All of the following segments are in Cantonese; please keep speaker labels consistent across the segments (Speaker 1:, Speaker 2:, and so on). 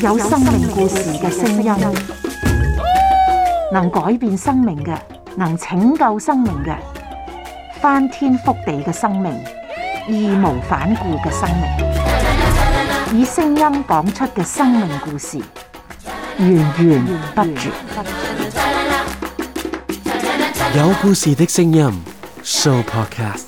Speaker 1: 有生命故事嘅聲音，能改變生命嘅，能拯救生命嘅，翻天覆地嘅生命，義無反顧嘅生命，以聲音講出嘅生命故事，源源不絕。有故
Speaker 2: 事嘅聲音，Show Podcast。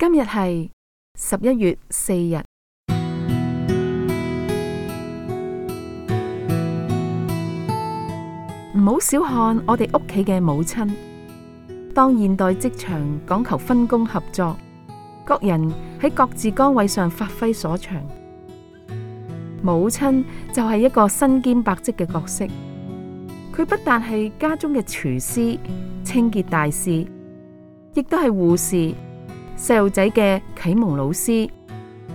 Speaker 1: 今日係十一月四日，唔好小看我哋屋企嘅母親。當現代職場講求分工合作，各人喺各自崗位上發揮所長，母親就係一個身兼百職嘅角色。佢不但係家中嘅廚師、清潔大師，亦都係護士。細路仔嘅啟蒙老師，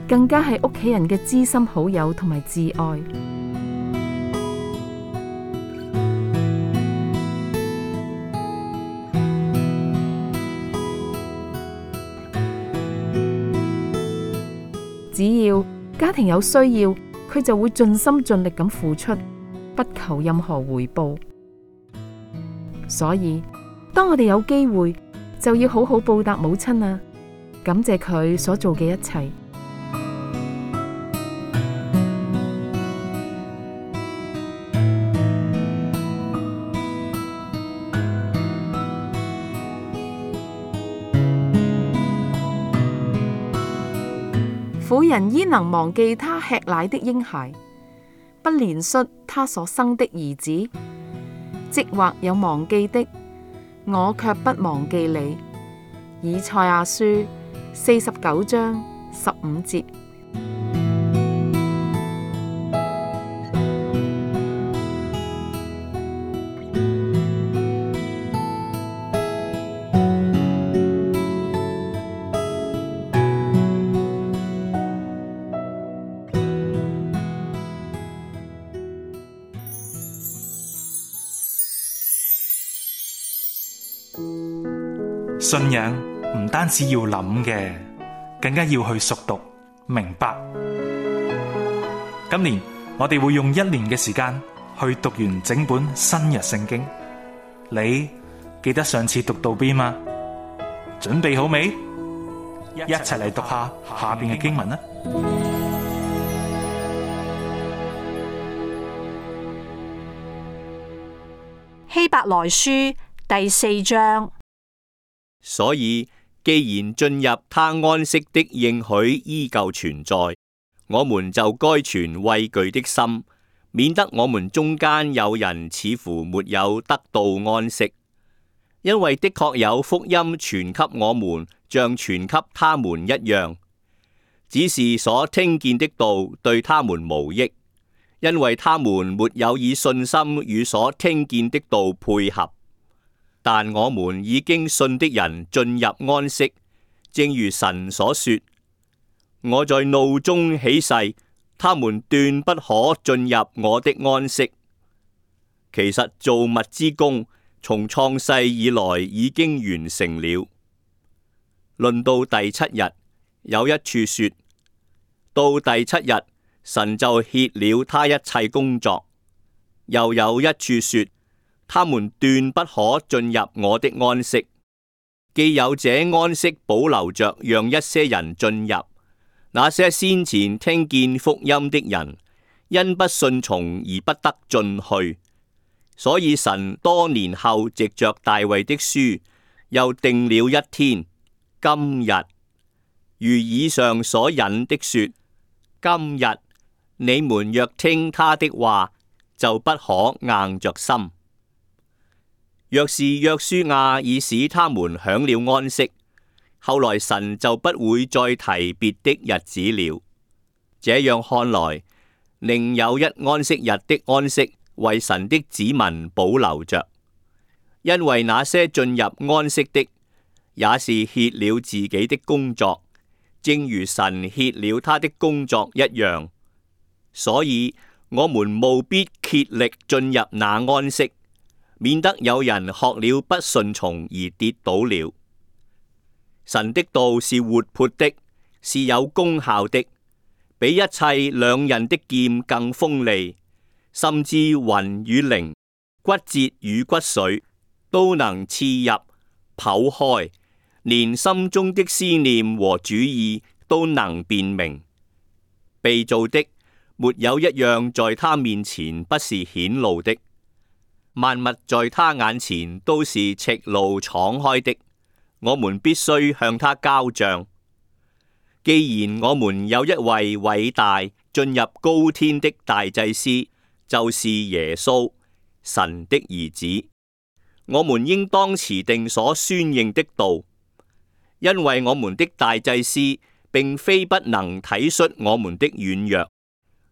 Speaker 1: 更加係屋企人嘅知心好友同埋摯愛。只要家庭有需要，佢就會盡心盡力咁付出，不求任何回報。所以，當我哋有機會，就要好好報答母親啊！感謝佢所做嘅一切。婦人焉能忘記他吃奶的嬰孩，不憐恤他所生的兒子，即或有忘記的，我卻不忘記你，以賽亞書。四十九章十五節，
Speaker 2: 信仰。唔單止要諗嘅，更加要去熟讀明白。今年我哋會用一年嘅時間去讀完整本新約聖經。你記得上次讀到邊嗎？準備好未？一齊嚟讀下下邊嘅經文啦。
Speaker 1: 希伯來書第四章，
Speaker 3: 所以。既然進入他安息的應許依，依舊存在，我們就該存畏懼的心，免得我們中間有人似乎沒有得到安息。因為的確有福音傳給我們，像傳給他們一樣，只是所聽見的道對他們無益，因為他們沒有以信心與所聽見的道配合。但我們已經信的人進入安息，正如神所說：我在怒中起誓，他們斷不可進入我的安息。其實造物之功從創世以來已經完成了。論到第七日，有一處說到第七日，神就歇了他一切工作。又有一處說。他們斷不可進入我的安息，既有這安息保留着，讓一些人進入；那些先前聽見福音的人，因不信從而不得進去。所以神多年後藉着大衛的書又定了一天，今日如以上所引的說：今日你們若聽他的話，就不可硬着心。若是約書亞、啊、已使他們享了安息，後來神就不會再提別的日子了。這樣看來，另有一安息日的安息為神的子民保留着，因為那些進入安息的，也是歇了自己的工作，正如神歇了他的工作一樣。所以我們務必竭力進入那安息。免得有人學了不順從而跌倒了。神的道是活潑的，是有功效的，比一切兩刃的劍更鋒利，甚至魂與靈、骨節與骨髓都能刺入剖開，連心中的思念和主意都能辨明。被造的沒有一樣在他面前不是顯露的。萬物在他眼前都是赤露敞開的，我們必須向他交賬。既然我們有一位偉大進入高天的大祭司，就是耶穌，神的兒子，我們應當持定所宣認的道，因為我們的大祭司並非不能體恤我們的軟弱，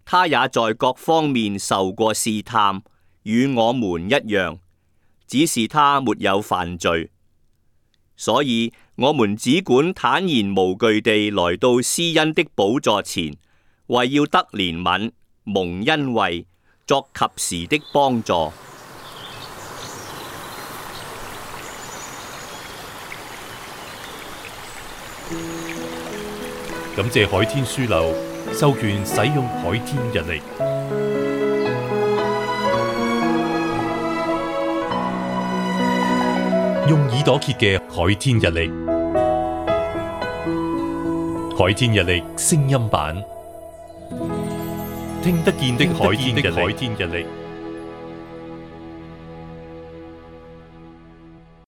Speaker 3: 他也在各方面受過試探。與我們一樣，只是他沒有犯罪，所以我們只管坦然無懼地來到施恩的寶座前，為要得憐憫、蒙恩惠、作及時的幫助。
Speaker 4: 感謝海天書樓授權使用海天日曆。用耳朵揭嘅《海天日曆》，《海天日曆》聲音版，聽得見的《海天日曆》。